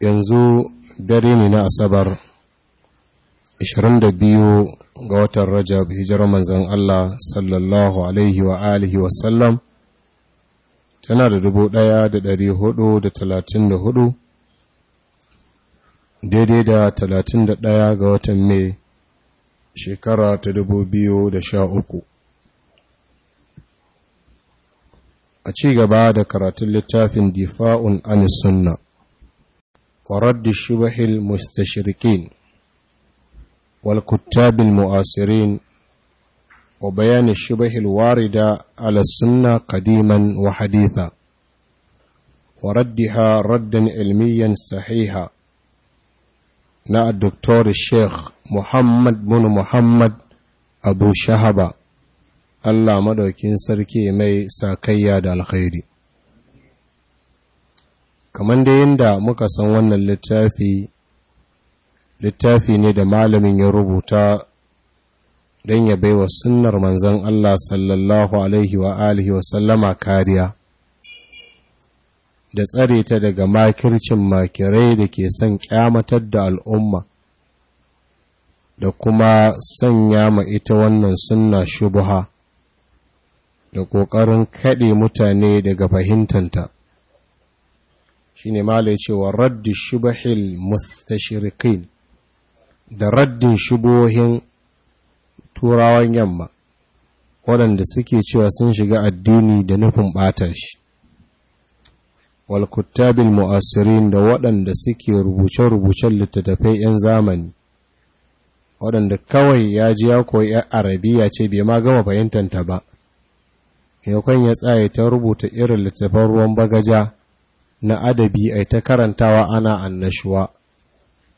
yanzu dare ne na asabar 22 ga watan rajab hijirar manzan Allah sallallahu alaihi wa alihi wasallam tana da hudu daidai da 31 ga watan mai shekara ta 2013 a ci gaba da karatun littafin difa'un anis sunna ورد شبه المستشرقين والكتاب المعاصرين وبيان الشبه الواردة على السنة قديما وحديثا وردها ردا علميا صحيحا نا الدكتور الشيخ محمد بن محمد أبو شهبة الله مدوكين سركي مي ساكيا دا الخيري kamar da yadda muka san wannan littafi littafi ne da malamin ya rubuta don ya baiwa sunnar manzan Allah sallallahu alaihi wa alihi wa sallama kariya da tsare ta daga makircin makirai da ke son kyamatar da al'umma da kuma sanya ma ita wannan sunna shubuha da ƙoƙarin kaɗe mutane daga fahimtanta. shine mala wa raddi shubahil mustashirikin da raddin shubohin turawan yamma waɗanda suke cewa sun shiga addini da nufin ɓata shi walkuttabil mu'asirin da waɗanda suke rubuce-rubucen littattafai 'yan zamani waɗanda kawai ya ji ya koyi 'yan arabiya ce bai ma gama fahimtanta ba yakan ya tsaye ta rubuta irin littattafan ruwan bagaja na adabi ai ta karantawa ana annashuwa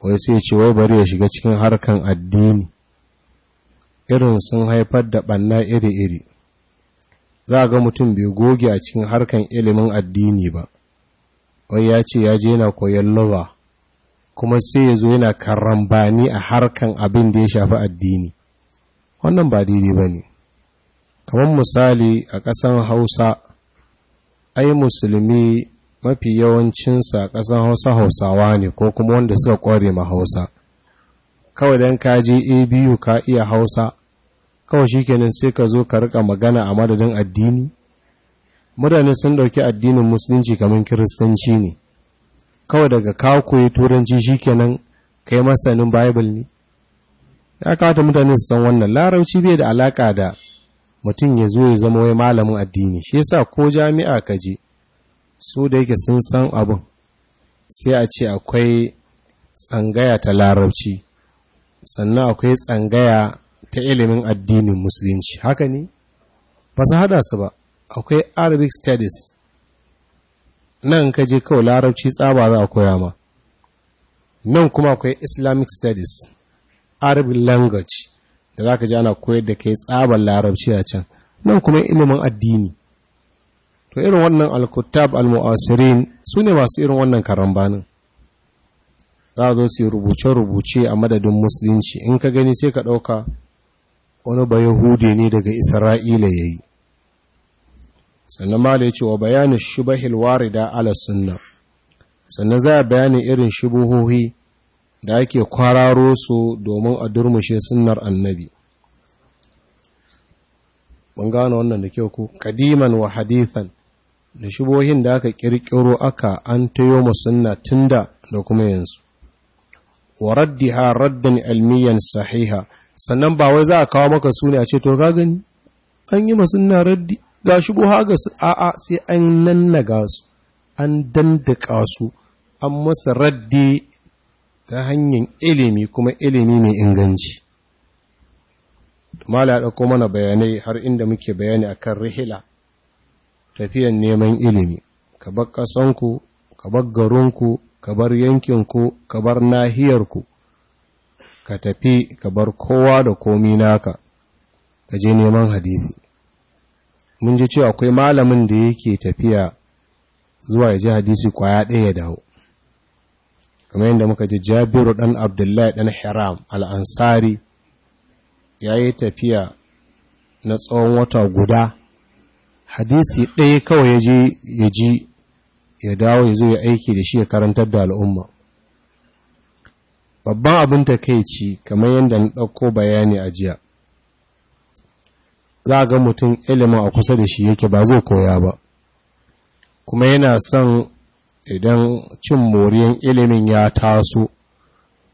wai sai ce wai bari ya shiga cikin harkan addini irin sun haifar da ɓanna iri-iri za ga mutum bai goge a cikin harkan ilimin addini ba wai ya ce ya je yana koyon lura kuma sai ya zo yana karambani a harkan abin da ya shafi addini wannan ba daidai ba ne kamar misali a ƙasan hausa ai musulmi mafi yawancinsa ƙasan hausa hausawa ne ko kuma wanda suka kware ma hausa kawai don ka je abu ka iya hausa kawai shikenan sai ka zo ka rika magana a madadin addini mutane sun ɗauki addinin musulunci kamar kiristanci ne kawai daga ka koyi turanci shikenan kai masanin bible ne ya kawata mutane su san wannan larabci bai da alaka da mutum ya zo ya zama wai malamin addini shi yasa ko jami'a ka je su da yake sun san abin sai a ce akwai tsangaya ta larabci sannan akwai tsangaya ta ilimin addinin musulunci haka ne ba su hada su ba akwai arabic studies nan ka je kawai larabci tsaba za a koya ma nan kuma akwai islamic studies arabic language da za ka ji ana koyar da kai tsaban larabci a can nan kuma ilimin addini to irin wannan alkutab al-mu'asirin sune masu irin wannan karambanin za a zo su rubuce-rubuce a madadin musulunci in ka gani sai ka ɗauka wani ba yahudi ne daga isra'ila ya yi sannan ma da ya ce wa bayanin shubahil warida ala sunna sannan za a bayanin irin shubuhohi da ake kwararo su domin a durmushe sunnar annabi mun gano wannan da kyau ku kadiman wa hadithan da shubohin da aka kirkiro aka an tayo musanna tunda da kuma yanzu wa raddiha raddan almiyan sahiha sannan ba wai za a kawo maka su ne a ce to ka gani an yi musanna raddi ga shubuha ga su a'a sai an nannaga su an dandaka su an masa raddi ta hanyar ilimi kuma ilimi mai inganci mala ya ɗauko mana bayanai har inda muke bayani akan rihila tafiyan neman ilimi ka bar ƙasanku ka bar garinku ka bar yankinku ka bar nahiyarku ka tafi ka bar kowa da komi naka ka je neman hadisi mun ji cewa akwai malamin da yake tafiya zuwa ya ji hadisi kwaya ɗaya ya dawo kamar yadda muka ji jabiru ɗan abdullahi ɗan hiram al'ansari ya yi tafiya na tsawon wata guda hadisi ɗaya kawai ya je ya ji ya dawo ya zo ya aiki da shi ya karantar da al'umma babban abin ta kai ci kamar yadda na ɗauko bayani a jiya za a ga mutum ilimin a kusa da shi yake ba zai koya ba kuma yana son idan cin moriyan ilimin ya taso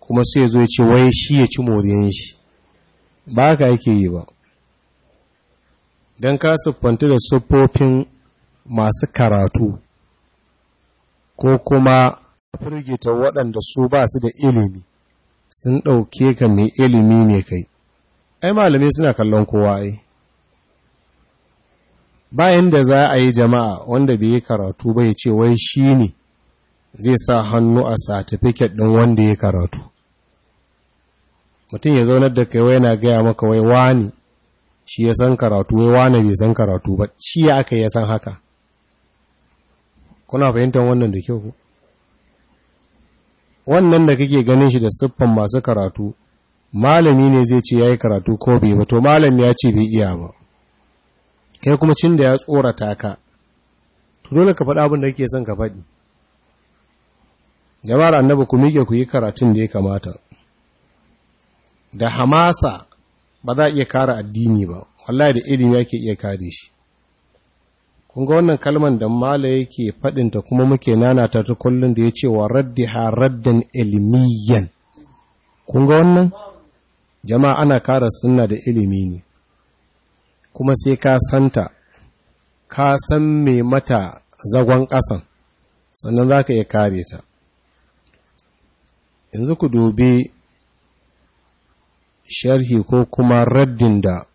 kuma sai zo ya ce wai shi ya ci moriyan shi ba haka yake yi ba don ka siffanta da siffofin masu karatu ko kuma firgita waɗanda su ba su da ilimi sun ɗauke ka mai ilimi ne kai ai malamai suna kallon kowa ai bayan da za a yi jama'a wanda bai yi karatu bai ce wai shi ne zai sa hannu a satifiket ɗin wanda ya karatu mutum ya zaunar da kai wai na gaya maka wai wani shi ya san karatu wai wane bai san karatu ba shi ya aka ya san haka kuna fahimtar wannan da kyau wannan da kake ganin shi da siffan masu karatu malami ne zai ce ya yi karatu ko bai ba to malami ya ce bai iya ba kai kuma cin da ya tsorata ka to dole ka faɗa abin da kake son ka faɗi jama'ar annabi ku miƙe ku yi karatun da ya kamata da hamasa ba za a iya kara addini ba wallahi da ilimi yake iya kare shi kun ga wannan kalman da mala yake faɗinta kuma muke nanata ta kullun da ya ce wa raddi ha raddan ilmiyan kun ga wannan jama'a ana kara sunna da ilimi ne kuma sai ka santa ka san me mata zagon ƙasan sannan za ka iya kare ta yanzu ku dobe sharhi ko kuma raddin da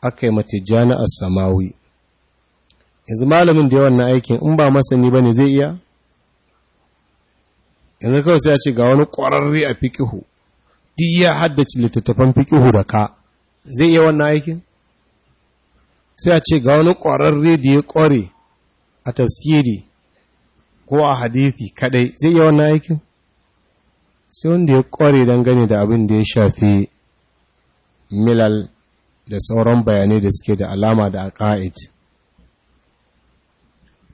aka yi matijjani a samawi yanzu malamin da yawan na aikin in ba masani ba ne zai iya yanzu kawai sai a ce ga wani ƙwararri a fikihu duk ya haddace littattafan fikihu da ka zai iya wannan aikin sai a ce ga wani ƙwararre da ya ƙware a tafsiri ko a hadithi kadai zai iya wannan aikin sai wanda ya kware gani da abin da ya shafi milal da sauran bayanai da suke da alama da aqaid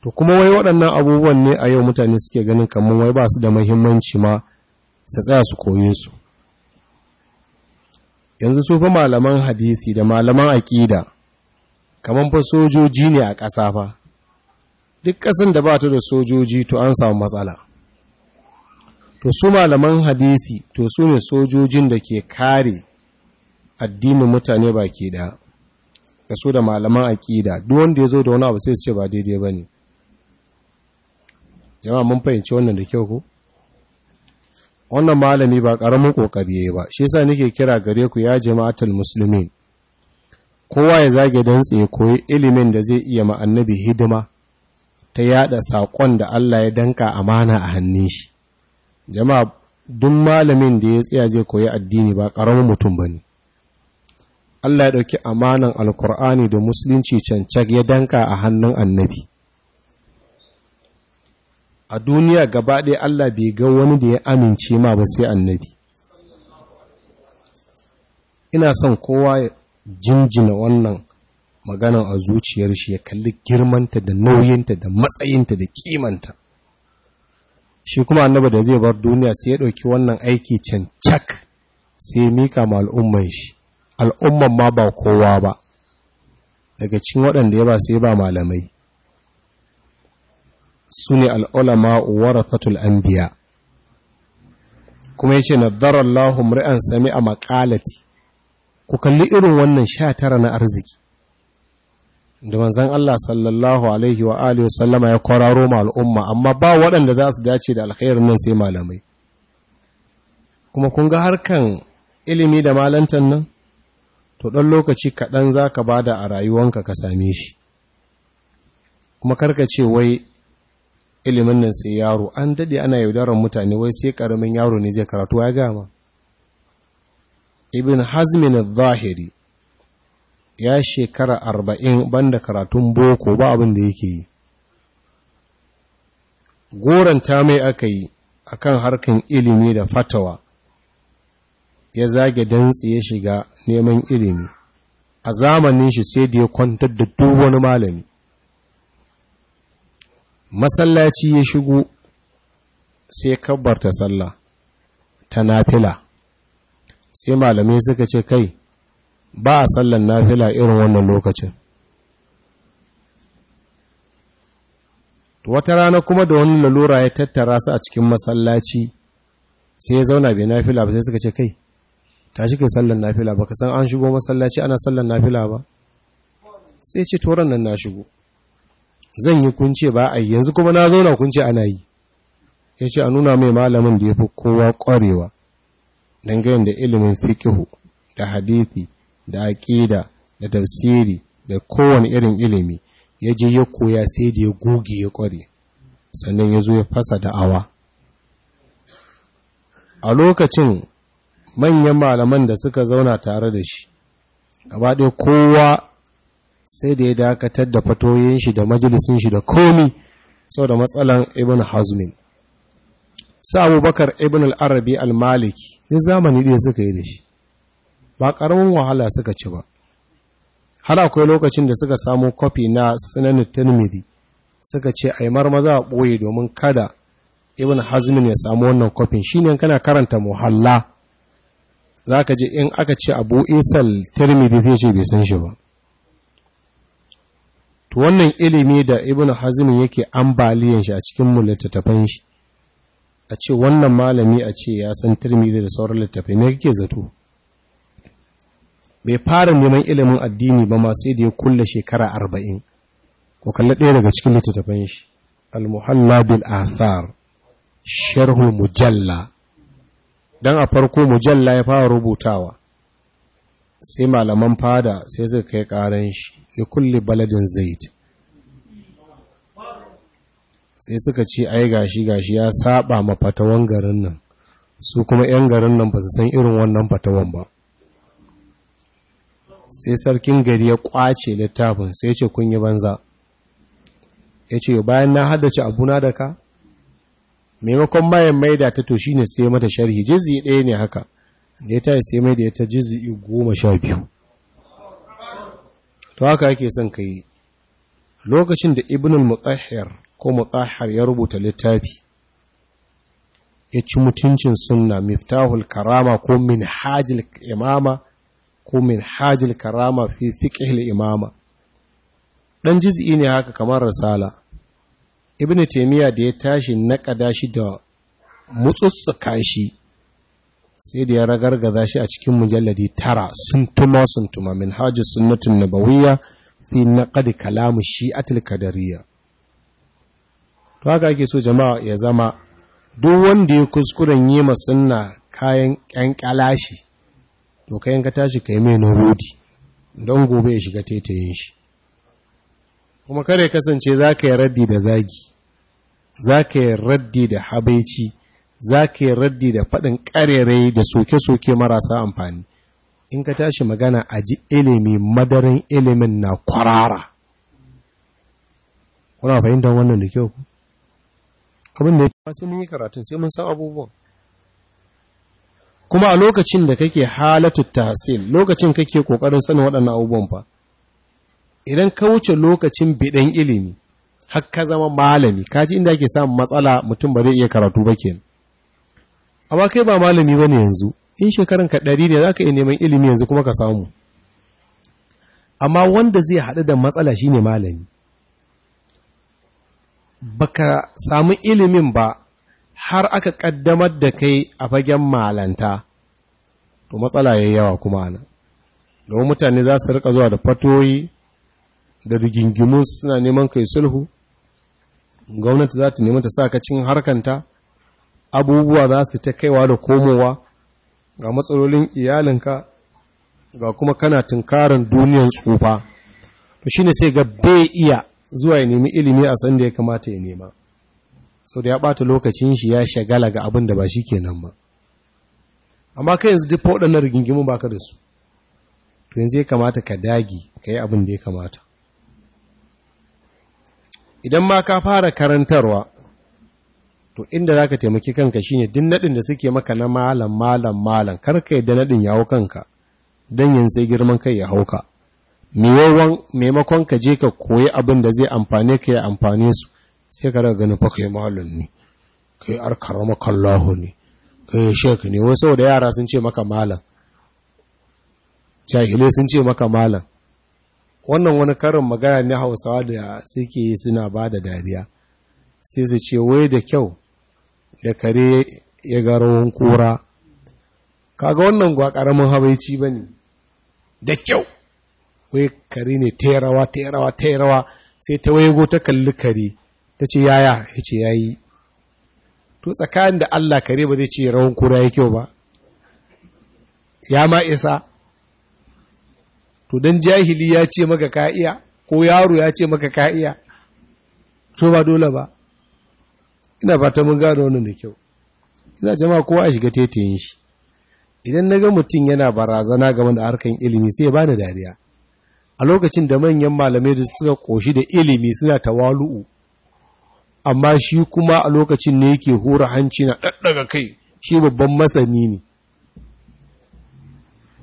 to kuma wai waɗannan abubuwan ne a yau mutane suke ganin kamar wai ba su da muhimmanci ma su tsaya su koye su yanzu su fi malaman hadisi da malaman aƙida kamar fa sojoji ne a ƙasa fa duk ƙasan da ba ta da sojoji to an samu matsala to su malaman hadisi to su ne sojojin da ke kare addinin mutane ba ke da da su da malaman aƙida duk wanda ya zo da wani abu sai su ce ba daidai ba ne jama'a mun fahimci wannan da kyau ko wannan malami ba ƙaramin ƙoƙari ya yi ba shi sa nake kira gare ku ya jama'atul musulmin kowa ya zage dantse koyi ilimin da zai iya ma'annabi hidima ta yada saƙon da Allah ya danka amana a hannun shi jama'a duk malamin da ya tsaya zai koyi addini ba ƙaramin mutum ba ne Allah ya ɗauki amanan alkur'ani da musulunci cancak ya danka a hannun annabi a duniya gaba ɗaya Allah bai ga wani da ya amince ma ba sai annabi ina son kowa ya jinjina wannan maganan a zuciyar shi ya kalli girmanta da nauyinta da matsayinta da kimanta shi kuma annaba da zai bar duniya sai ya ɗauki wannan aiki cancak sai ya mika ma al'umman shi al'umman ma ba kowa ba daga cikin waɗanda ya ba sai ba malamai su ne al'ulama an anbiya kuma ya ce lahun mri'an sami a makalati ku kalli irin wannan sha tara na arziki da manzan Allah sallallahu alaihi wa alihi wasallama ya kwararo ma al'umma amma ba waɗanda za su dace da alkhairun nan sai malamai kuma kun ga harkan ilimi da malantan nan to ɗan lokaci kaɗan za ka ba da a rayuwanka ka same shi kuma karka ce wai ilimin nan sai yaro an daɗe ana yaudarar mutane wai sai ƙaramin yaro ne zai karatu ya gama ibn hazmin zahiri ya shekara arba'in ban da karatun boko ba abin da yake yi Goron ta mai aka yi a kan harkar ilimi da fatawa ya zage dantse ya shiga neman ilimi a zamanin shi sai da ya kwantar da duk wani malami masallaci ya shigo sai kabbar ta sallah ta nafila sai malamai suka ce kai ba a sallan nafila irin wannan lokacin wata rana kuma da wani lalura ya tattara su a cikin masallaci sai ya zauna bai nafila ba sai suka ce kai shi kai sallan nafila ba ka san an shigo masallaci ana sallan nafila ba sai ce toron nan na shigo zan yi kunce ba a yanzu kuma na zauna kunce ana yi ya ce a nuna mai malamin da ya fi kowa ƙwarewa dangane da ilimin fikihu da hadithi da aƙida da tafsiri da kowane irin ilimi ya je ya koya sai da ya goge ya ƙware sannan ya zo ya fasa da'awa a lokacin manyan malaman da suka zauna tare da shi gaba ɗaya kowa sai da ya dakatar da fatoyin shi da majalisun shi da komi sau da matsalan ibn hazmin sa abubakar ibn al'arabi al-maliki ni zamani ɗaya suka yi da shi ba ƙaramin wahala suka ci ba har akwai lokacin da suka samu kwafi na sunan tilmidi suka ce a yi marmaza a ɓoye domin kada ibn hazmin ya samu wannan kwafin shi ne kana karanta muhalla za ka ji in aka ce abu isal tilmidi zai ce bai san shi ba to wannan ilimi da ibn hazmin yake ambaliyan shi a cikin mu littattafan shi a ce wannan malami a ce ya san tilmidi da sauran littattafai ne kake zato bai fara neman ilimin addini ba ma sai da ya kulle shekara arba'in ko kalli ɗaya daga cikin littattafan shi al-muhalla bil athar sharhul mujalla dan a farko mujalla ya fara rubutawa sai malaman fada sai suka kai karan shi ya kulle baladin zaid sai suka ce ai gashi gashi ya saba ma fatawan garin nan su kuma 'yan garin nan ba su san irin wannan fatawan ba sai sarkin gari ya kwace littafin sai ce kun yi banza ya ce bayan na haddace abuna da ka maimakon bayan maida ta to shi ne sai mata sharhi jizi ɗaya ne haka da ya tayi sai maida ta jizi goma sha biyu to haka yake son ka yi lokacin da ibnul mutahhir ko mutsahar ya rubuta littafi ya ci mutuncin sunna miftahul karama ko minhajil imama ko min hajjil karama fi fiqhil imama ɗan jizi ne haka kamar risala Ibn taimiyya da ya tashi naƙada shi da mutsutsuka shi sai da ya ragargaza shi a cikin mujalladi tara suntuma suntuma min hajji sunnatin nabawiyya fi kalamu shi a tilkadariya to haka ake so jama'a ya zama duk wanda ya kuskuren yi ma sunna kayan kyankalashi to kayan ka tashi kai mai na rodi don gobe ya shiga taitayin shi kuma kare kasance za ka yi raddi da zagi za ka yi raddi da habaici za ka yi raddi da faɗin ƙarerai da soke-soke marasa amfani in ka tashi magana a ji ilimi madarin ilimin na kwarara kuna fahimtar wannan da kyau ku abin da ya fi mun yi karatun sai mun san abubuwan kuma a lokacin da kake halatu tahsil lokacin kake kokarin sanin waɗannan abubuwan fa idan ka wuce lokacin bidan ilimi har ka zama malami ji inda ake samun matsala mutum ba zai iya karatu ba kenan amma kai ba malami bane yanzu in shekaran ka 100 ne zaka iya neman ilimi yanzu kuma ka samu amma wanda zai haɗu da matsala shine malami baka samu ilimin ba har aka ƙaddamar da kai a fagen malanta to matsala ya yawa kuma nan domin mutane za su rika zuwa da fatoyi da rigingimu suna neman kai sulhu gwamnati za ta nemi ta sa ka cin harkanta abubuwa za su ta kaiwa da komowa ga matsalolin iyalinka ga kuma kana tunkarin duniyan tsufa to shi ne sai ga bai iya zuwa ya nemi ilimi a sanda ya kamata ya nema sau da ya bata lokacin shi ya shagala ga abin da ba shi ke nan ba amma kai yanzu duk waɗannan rigingimin ba ka da su to yanzu ya kamata ka dagi ka yi abin da ya kamata idan ma ka fara karantarwa to inda za ka taimaki kanka shine duk naɗin da suke maka na malam malam malam karka yadda naɗin ya hau kanka don yin sai girman kai ya hau ka maimakon ka je ka koyi abin da zai amfane ka ya amfane su sai ka daga ganin fa kai malam ne kai arkaramaka makallahu ne kai shek ne wai da yara sun ce maka malam jahilai sun ce maka malam wannan wani karin magana ne Hausawa da suke yi suna ba da dariya sai su ce wai da kyau da kare ya ga rawan kura kaga wannan gwa karamin habaici ba ne. da kyau wai kare ne ta rawa ta rawa ta rawa sai ta waigo ta kalli kare ta ce yaya ya ce ya yi to tsakanin da Allah kare ba zai ce rawan kura ya kyau ba ya ma isa to don jahili ya ce maka ka iya ko yaro ya ce maka ka to ba dole ba ina ta mun gano wannan da kyau za jama'a kowa a shiga tetiyin shi idan na ga mutum yana barazana game da harkan ilimi sai ya bani dariya a lokacin da manyan malamai da suka koshi da ilimi suna tawalu'u amma shi kuma a lokacin ne yake hura hanci na ɗaɗɗaga kai shi babban masani ne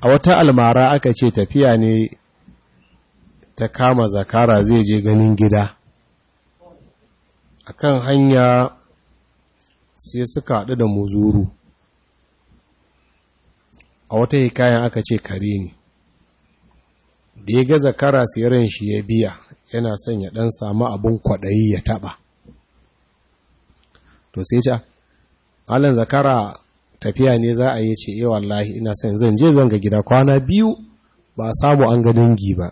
a wata almara aka ce tafiya ne ta kama zakara zai je ganin gida akan hanya sai suka haɗu da muzuru a wata hikayen aka ce kare ne da ya ga zakara siyaran shi ya biya yana son ya ɗan samu abin kwaɗayi ya taɓa to sai ce ah, malam zakara tafiya ne za a yi ce yi eh, wallahi ina son zan je zan ga gida kwana biyu ba a samu an ga dangi ba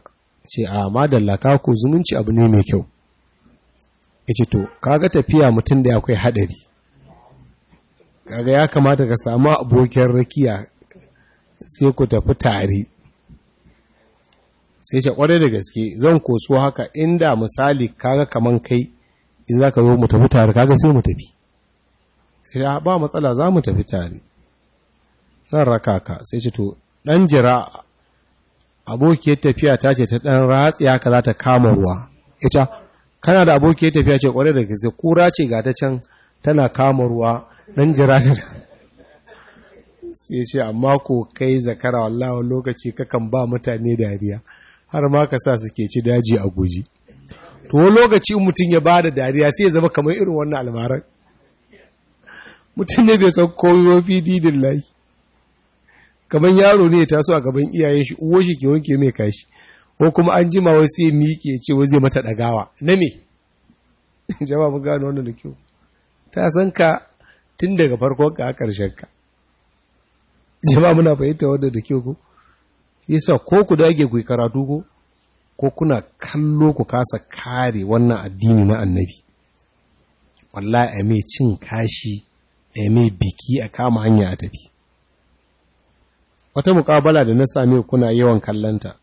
ce a ah, madalla ka ko zumunci abu ne mai kyau yace to kaga tafiya mutum da akwai hadari kaga ya kamata ka samu abokin rakiya sai ku tafi tare sai ce kwarai da gaske zan koso haka inda misali kaga kaman kai in zaka zo mu tafi tare kaga sai mu tafi ya ba matsala za mu tafi tare zan raka ka sai ce to ɗan jira abokiyar tafiya ta ce ta ɗan ratsiya ka za ta kama ruwa ita kana da abokiyar tafiya ce kwarai da gaske kura ce ga ta can tana kama ruwa ɗan jira ta sai ce amma ko kai zakara wallahi lokaci kakan ba mutane dariya har ma ka sa suke ci daji a guji to lokaci mutum ya ba da dariya sai ya zama kamar irin wannan almarar mutum ne bai san komai fi didin layi kamar yaro ne ya taso a gaban iyayen shi uwo shi ke wanke mai kashi ko kuma an jima sai miƙe ce zai mata ɗagawa na me jama'a mun gano wannan da kyau ta san ka tun daga farkon ka a ƙarshen ka jama'a muna fahimta wannan da kyau ko yasa ko ku dage ku karatu ko ko kuna kallo ku kasa kare wannan addini na annabi wallahi a mai cin kashi a mai biki a kama hanya a tafi wata mukabala da na same kuna yawan kallanta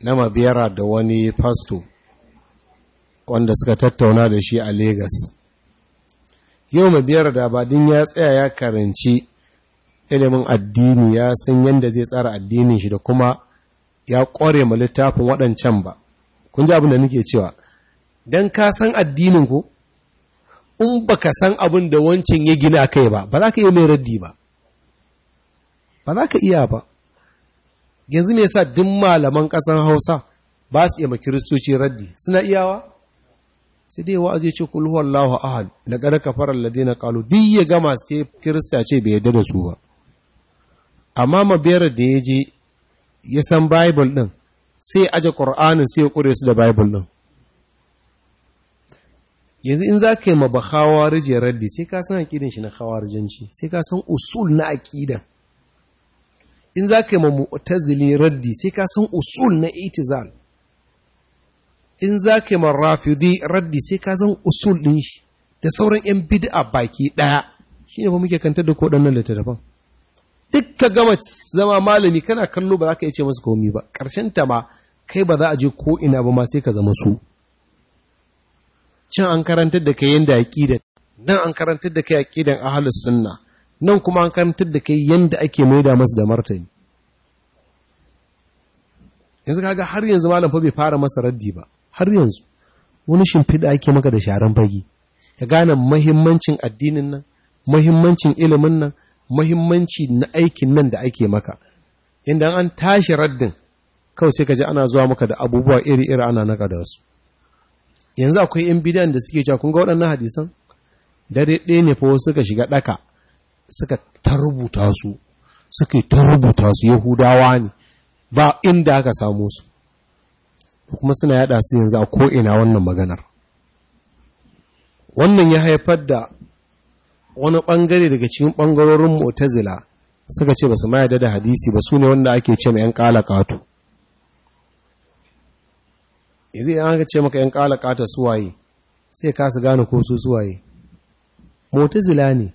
na mabiyara da wani fasto wanda suka tattauna da shi a Legas. Yau mabiyara da abadin ya tsaya ya karanci ilimin addini ya san yadda zai tsara addinin shi da kuma ya kware ma littafin waɗancan ba. Kun ji abin da nake cewa, don ka san addinin ku, in ba ka san abin da wancan ya gina kai ba ba za ka iya mai raddi ba ba za ka iya ba yanzu me yasa duk malaman kasan Hausa ba su iya kiristoci raddi suna iyawa sai dai wa'azi ya ce na huwallahu ahad fara kafara na kalu duk ya gama sai kirista ce bai yarda da su ba amma mabiyar da ya je ya san bible ɗin sai aje kur'anin sai ya kure su da bible ɗin. yanzu in za ka yi ma ba raddi sai ka san aƙidan shi na hawarijanci sai ka san usul na aƙidan in za ka yi ma mu'tazili raddi sai ka san usul na itizal in za ka yi ma rafidi raddi sai ka san usul din shi da sauran 'yan bid'a baki ɗaya shi ne ba muke kantar da koɗannan littattafan duk ka gama zama malami kana kallo ba za ka iya ce masu komi ba ƙarshen ta ma kai ba za a je ko ina ba ma sai ka zama su can an karantar da kai yanda aqida nan an karantar da kai aqidan ahlus sunna nan kuma an karantar da kai yanda ake maida masu da martani yanzu kaga har yanzu malam fa bai fara masa raddi ba har yanzu wani shimfiɗa ake maka da sharan fage ka gane muhimmancin addinin nan muhimmancin ilimin nan muhimmanci na aikin nan da ake maka inda an tashi raddin kawai sai ka ji ana zuwa maka da abubuwa iri-iri ana naka da wasu yanzu akwai yan bidan da suke cewa kun ga waɗannan hadisan dare ɗaya ne fa suka shiga ɗaka suka ta rubuta su suke ta rubuta su yahudawa ne ba inda aka samu su kuma suna yada su yanzu a ko'ina wannan maganar wannan ya haifar da wani ɓangare daga cikin ɓangarorin motazila suka ce ba su ma da hadisi ba su ne wanda ake ce mai ‘yan ƙala ƙato yanzu idan aka ce maka yan kalakata suwaye sai ka su gane ko su suwaye mutazila ne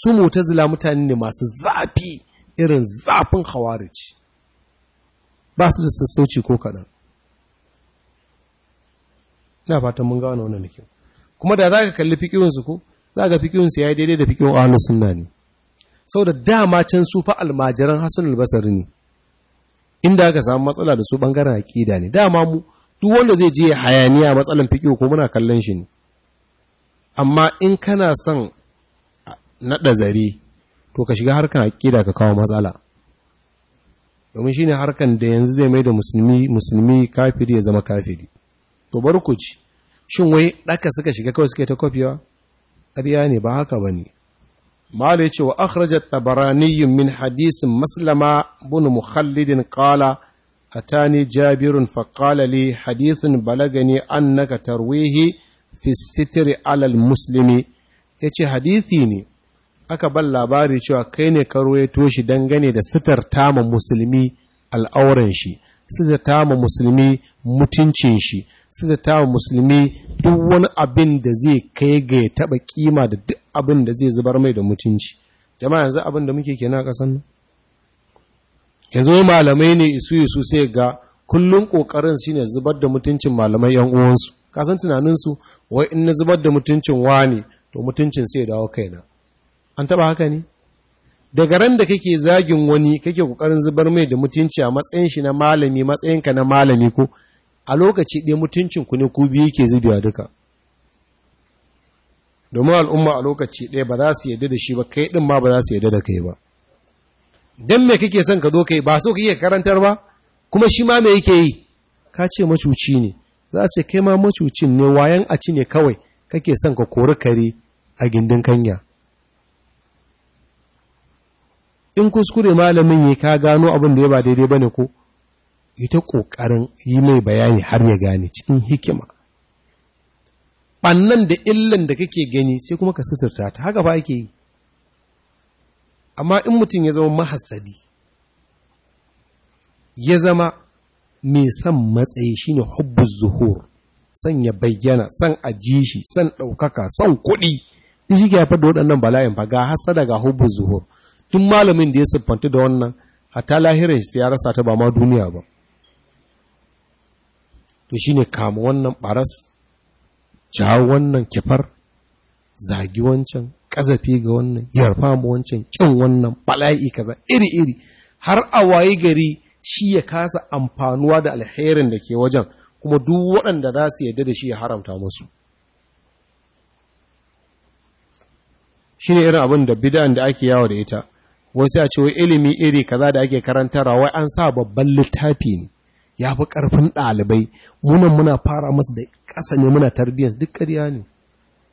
su mutazila mutane ne masu zafi irin zafin hawarici ba su da sassauci ko kaɗan na fatan mun gane wannan kyau kuma da za ka kalli fikiyunsu ko za ka fikiyunsu ya yi daidai da fikiyun ahalus sunna ne sau da dama can su fa almajiran hasan albasar ne inda aka samu matsala da su bangaren aqida ne dama mu duk wanda zai je hayaniya matsalan fiqh ko muna kallon shi ne amma in kana son naɗa zare to ka shiga harkan aƙida ka kawo matsala domin shi ne harkan da yanzu zai mai da musulmi kafiri ya zama kafiri to bar shin wai ɗaka suka shiga kawai suke ta kofiwa ƙarya ne ba haka ba ne ya ce wa akhrajat tabarani min hadisin maslama bin mukhallidin qala atani jabirun faqala li hadithun balagani annaka tarwihi fi sitri ala muslimi yace hadithi ne aka bar labari cewa kai ne ka ruwaito shi dangane da sitar tama musulmi al'auran shi sitar tama musulmi mutuncin shi da tawa musulmi duk wani abin da zai kai ga ya taɓa kima da duk abin da zai zubar mai da mutunci jama'a yanzu abin da muke kenan a ƙasar nan yanzu malamai ne isu isu sai ga kullum ƙoƙarin shine zubar da mutuncin malamai yan uwansu kasan tunaninsu wai in na zubar da mutuncin wani to mutuncin sai dawo kaina an taba haka ne daga ran da kake zagin wani kake kokarin zubar mai da mutunci a matsayin shi na malami matsayinka na malami ko a lokaci ɗaya mutuncinku ne ku biyu ke zubewa duka domin al'umma a lokaci ɗaya ba za su yadda da shi ba kai ɗin ma ba za su yadda da kai ba don me kake son ka zo kai ba so kake karantar ba kuma shi ma me yake yi ka ce macuci ne za su kai ma macucin ne wayan a ci ne kawai kake son ka kori kare a gindin kanya in kuskure malamin yi ka gano abin da ya ba daidai ba ne ko Yi ta ƙoƙarin yi mai bayani har ya gane cikin hikima ɓannan da illan da kake gani sai kuma ka suturta ta haka ba ake yi amma in mutum ya zama mahasadi ya zama mai son matsayi shine hubbu zuhur son ya bayyana son aji shi son ɗaukaka son kuɗi in shi ke haifar da waɗannan bala'in ba, ga hasada ga hubbu zuhur Tun malamin da ya siffanta da wannan hatta lahirar shi ya rasa ta ba ma duniya ba to ne kama wannan baras jawo wannan kifar zagi wancan ƙazafi ga wannan yarfa mu wancan ƙin wannan bala'i kaza iri iri har a waye gari shi ya kasa amfanuwa da alherin da ke wajen kuma duk waɗanda za su yarda da shi ya haramta musu ne irin abin da bid'an da ake yawo da ita wasu ya ce wai ilimi iri kaza da ake karantarwa wai an sa babban littafi ne ya fi ƙarfin ɗalibai munan muna fara masu da ƙasa ne muna tarbiyyar duk ƙarya ne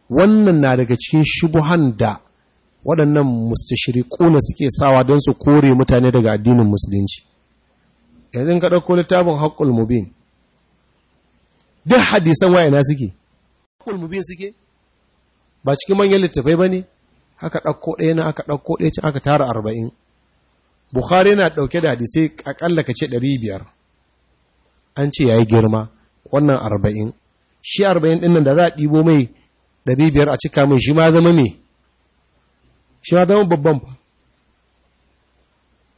wannan na daga cikin shubuhan da waɗannan kuna suke sawa don su kore mutane daga addinin musulunci yanzu ka ɗauko littafin haƙƙul mubin duk hadisan wayana suke haƙƙul mubin suke ba cikin manyan littafai ne. Haka ɗauko ɗaya na aka ɗauko ɗaya can aka tara arba'in bukhari na ɗauke da hadisai aƙalla ka ce ɗari biyar an ce ya yi girma wannan arba'in shi arba'in ɗin nan da za a ɗibo mai ɗari biyar a cika mai shi ma zama mai. shi ma zama babban fa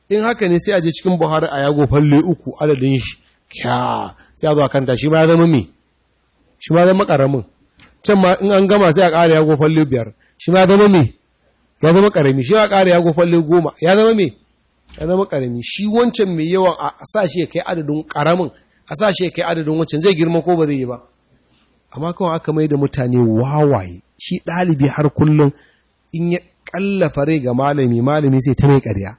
in haka ne sai a je cikin buhari a yago falle uku adadin shi kya sai a zo a kanta shi ma zama mai. shi ma zama ƙaramin can ma in an gama sai a ƙara yago falle biyar shi ma zama mai. ya zama ƙarami shi ma ƙara yago falle goma ya zama mai. ya zama ƙarami shi wancan mai yawan a sa shi ya kai adadin ƙaramin a sa shi ya kai adadin wancan zai girma ko ba zai yi ba amma kawai aka mai da mutane wawaye shi ɗalibi har kullum in ya ƙallafa rai ga malami malami sai ta mai ƙarya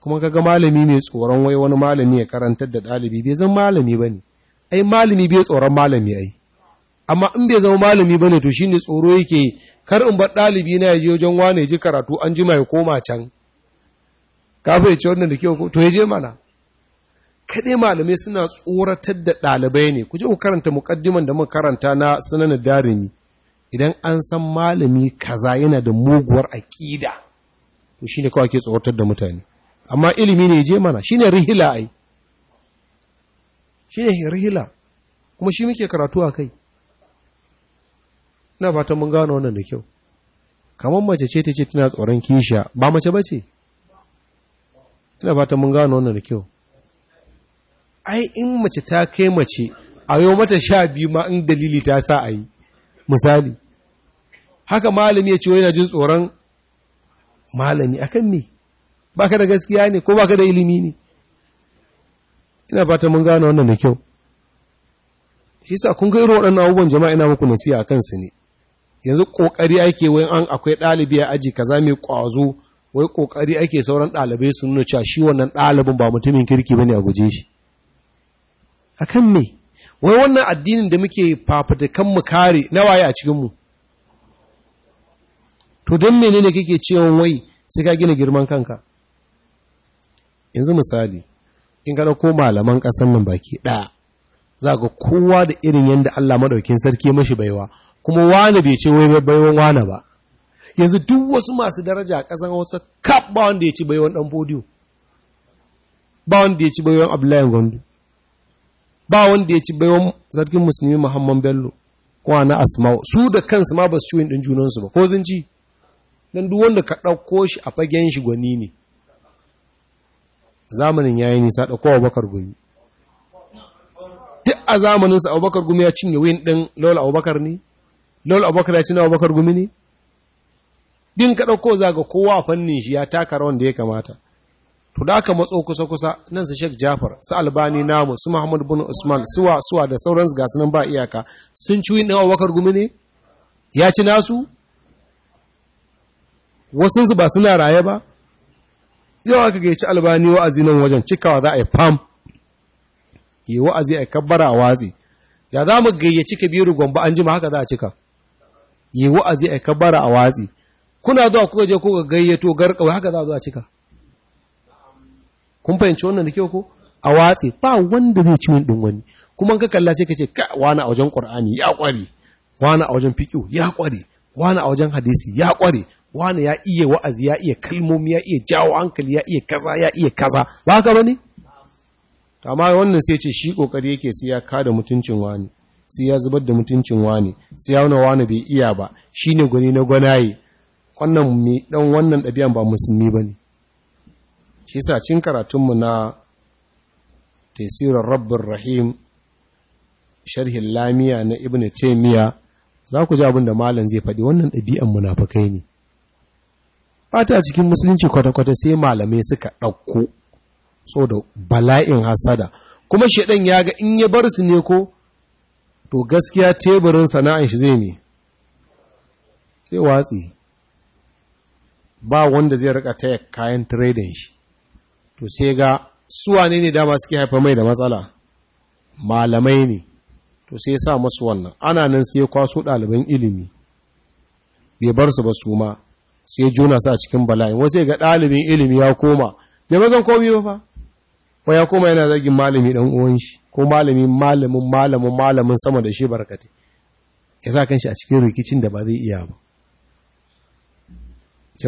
kuma kaga malami mai tsoron wai wani malami ya karantar da ɗalibi bai zan malami ba ne ai malami bai tsoron malami ai amma in bai zama malami ba ne to shine tsoro yake kar in bar ɗalibi na ya je wajen wane ya ji karatu an jima ya koma can kafin ya ci wannan da kyau to ya je mana kaɗai malamai suna tsoratar da ɗalibai ne ku je ku karanta muƙaddiman da muka karanta na sunanin darimi idan an san malami kaza yana da muguwar aƙida to shine kawai ke tsoratar da mutane amma ilimi ne je mana shine rihila ai shine rihila kuma shi muke karatu a kai ina fatan mun gano wannan da kyau kamar mace ce ta ce tana tsoron kisha ba mace ba ce ina fatan mun gano wannan da kyau ai in mace ta kai mace a yau mata sha biyu ma in dalili ta sa a yi misali haka malami ya ce yana jin tsoron malami akan ba baka da gaskiya ne ko ka da ilimi ne ina fata mun gane wannan da kyau shi sa kun gairo waɗannan abubuwan jama'a ina muku nasiha a su ne yanzu kokari ake wai an akwai ɗalibi a aji kaza mai ƙwazo wai kokari ake sauran ɗalibai su nuna cewa shi wannan ɗalibin ba mutumin kirki bane a guje shi akan me wai wannan addinin da muke fafatakan mu kare na waye a cikin mu to don menene kake cewa wai sai ka gina girman kanka yanzu misali in ka ko malaman ƙasar nan baki ɗaya za ga kowa da irin yadda Allah madaukin sarki mashi baiwa kuma wani bai ce wai baiwan wani ba yanzu duk wasu masu daraja a ƙasar Hausa kap ba wanda ya ci baiwan dan podium ba wanda ya ci baiwan Abdullahi Gondo ba wanda ya ci baiwan sarkin musulmi muhammad bello ko na asma'u su da kansu ma ba su ciwon ɗin junansu ba ko zan ci don duk wanda ka ɗauko shi a fagen shi gwani ne zamanin yayi nisa kowa abubakar gumi duk a zamaninsa abubakar gumi ya cinye wayin ɗin lola abubakar ne lola abubakar ya cinye abubakar gumi ne din ka ɗauko za ga kowa a fannin shi ya taka rawan da ya kamata to da aka matso kusa-kusa nan su Sheikh Jafar su Albani namu su Muhammad bin Usman suwa suwa da sauran su gasu nan ba iyaka sun ci wani dawa wakar gumi ne ya ci nasu wasu su ba suna raye ba yau aka ga ci Albani wa'azi nan wajen cikawa za a yi fam yi wa'azi a kabbara a watsi ya za mu gayyaci kabiru gombe an jima haka za a cika yi wa'azi a kabbara a watsi kuna zuwa kuka je kuka gayyato garkawa haka za a zuwa a cika kun fahimci wannan da kyau ko a watsi ba wanda zai ci min din wani kuma ka kalla sai ka ce ka wani a wajen qur'ani ya kware wani a wajen fiqh ya ƙware wani a wajen hadisi ya ƙware wani ya iya wa'azi ya iya kalmomi ya iya jawo hankali ya iya kaza ya iya kaza ba ka bane amma wannan sai ce shi kokari yake sai ya kada mutuncin wani sai ya zubar da mutuncin wani sai ya wani wani bai iya ba shine gani na gwanaye wannan mai dan wannan ɗabi'an ba musulmi bane shi sa cin karatunmu na tesirin rabbin rahim sharhin lamiya na ibn taimiya za ku ji abin da malam zai faɗi wannan ɗabi'an munafakai ne fata cikin musulunci kwata-kwata sai malamai suka ɗauko so da bala'in hasada kuma shaɗan ya ga in ya bar su ne ko to gaskiya teburin sana'an shi zai ne sai watsi ba wanda zai rika taya kayan tiredin shi to sai ga suwa ne dama suke haifar mai da matsala malamai ne to sai sa masu wannan ana nan sai ya kwaso ɗaliban ilimi bai bar su ba su ma sai juna sa cikin bala'in wasu ga ɗalibin ilimi ya koma bai mazan komi ba fa ya koma yana zagin malami dan uwan shi ko malami malamin malamin malamin sama da shi barkate ya sa kan shi a cikin rikicin da ba zai iya ba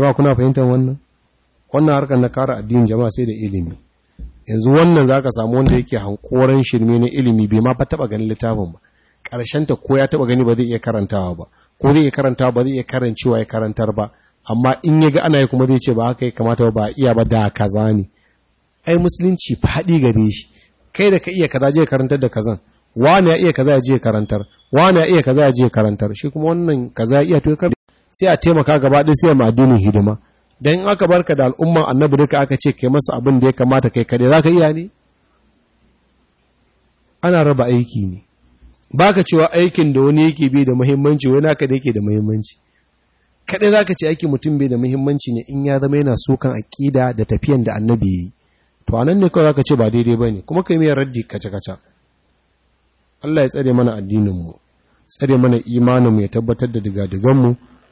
ba kuna fahimtar wannan wannan harkar na kara addinin jama'a sai da ilimi yanzu wannan zaka samu wanda yake hankoran shirme na ilimi bai ma fa taba ganin littafin ba karshen ta ko ya taba gani ba zai iya karantawa ba ko zai iya karantawa ba zai iya karancewa ya karantar ba amma in ya ga ana yi kuma zai ce ba haka ya kamata ba iya ba da kaza ne ai musulunci faɗi gare shi kai da ka iya kaza je karantar da kazan wani ya iya kaza ya je karantar wani ya iya kaza ya je karantar shi kuma wannan kaza ya iya to sai a taimaka gaba ɗaya sai ma addinin hidima dan aka barka da al'umman annabi duka aka ce ke masa abin da ya kamata kai za ka iya ne ana raba aiki ne Ba baka cewa aikin da wani yake bi da muhimmanci wani aka da yake da muhimmanci Kaɗai za ka ce aiki mutum bai da muhimmanci ne in ya zama yana so kan aƙida da tafiyan da annabi yi to a nan ne kawai za ka ce ba daidai ba ne, kuma ka yi miyar raddi kaca kaca Allah ya tsare mana addinin mu tsare mana imanin mu ya tabbatar da diga diganmu mu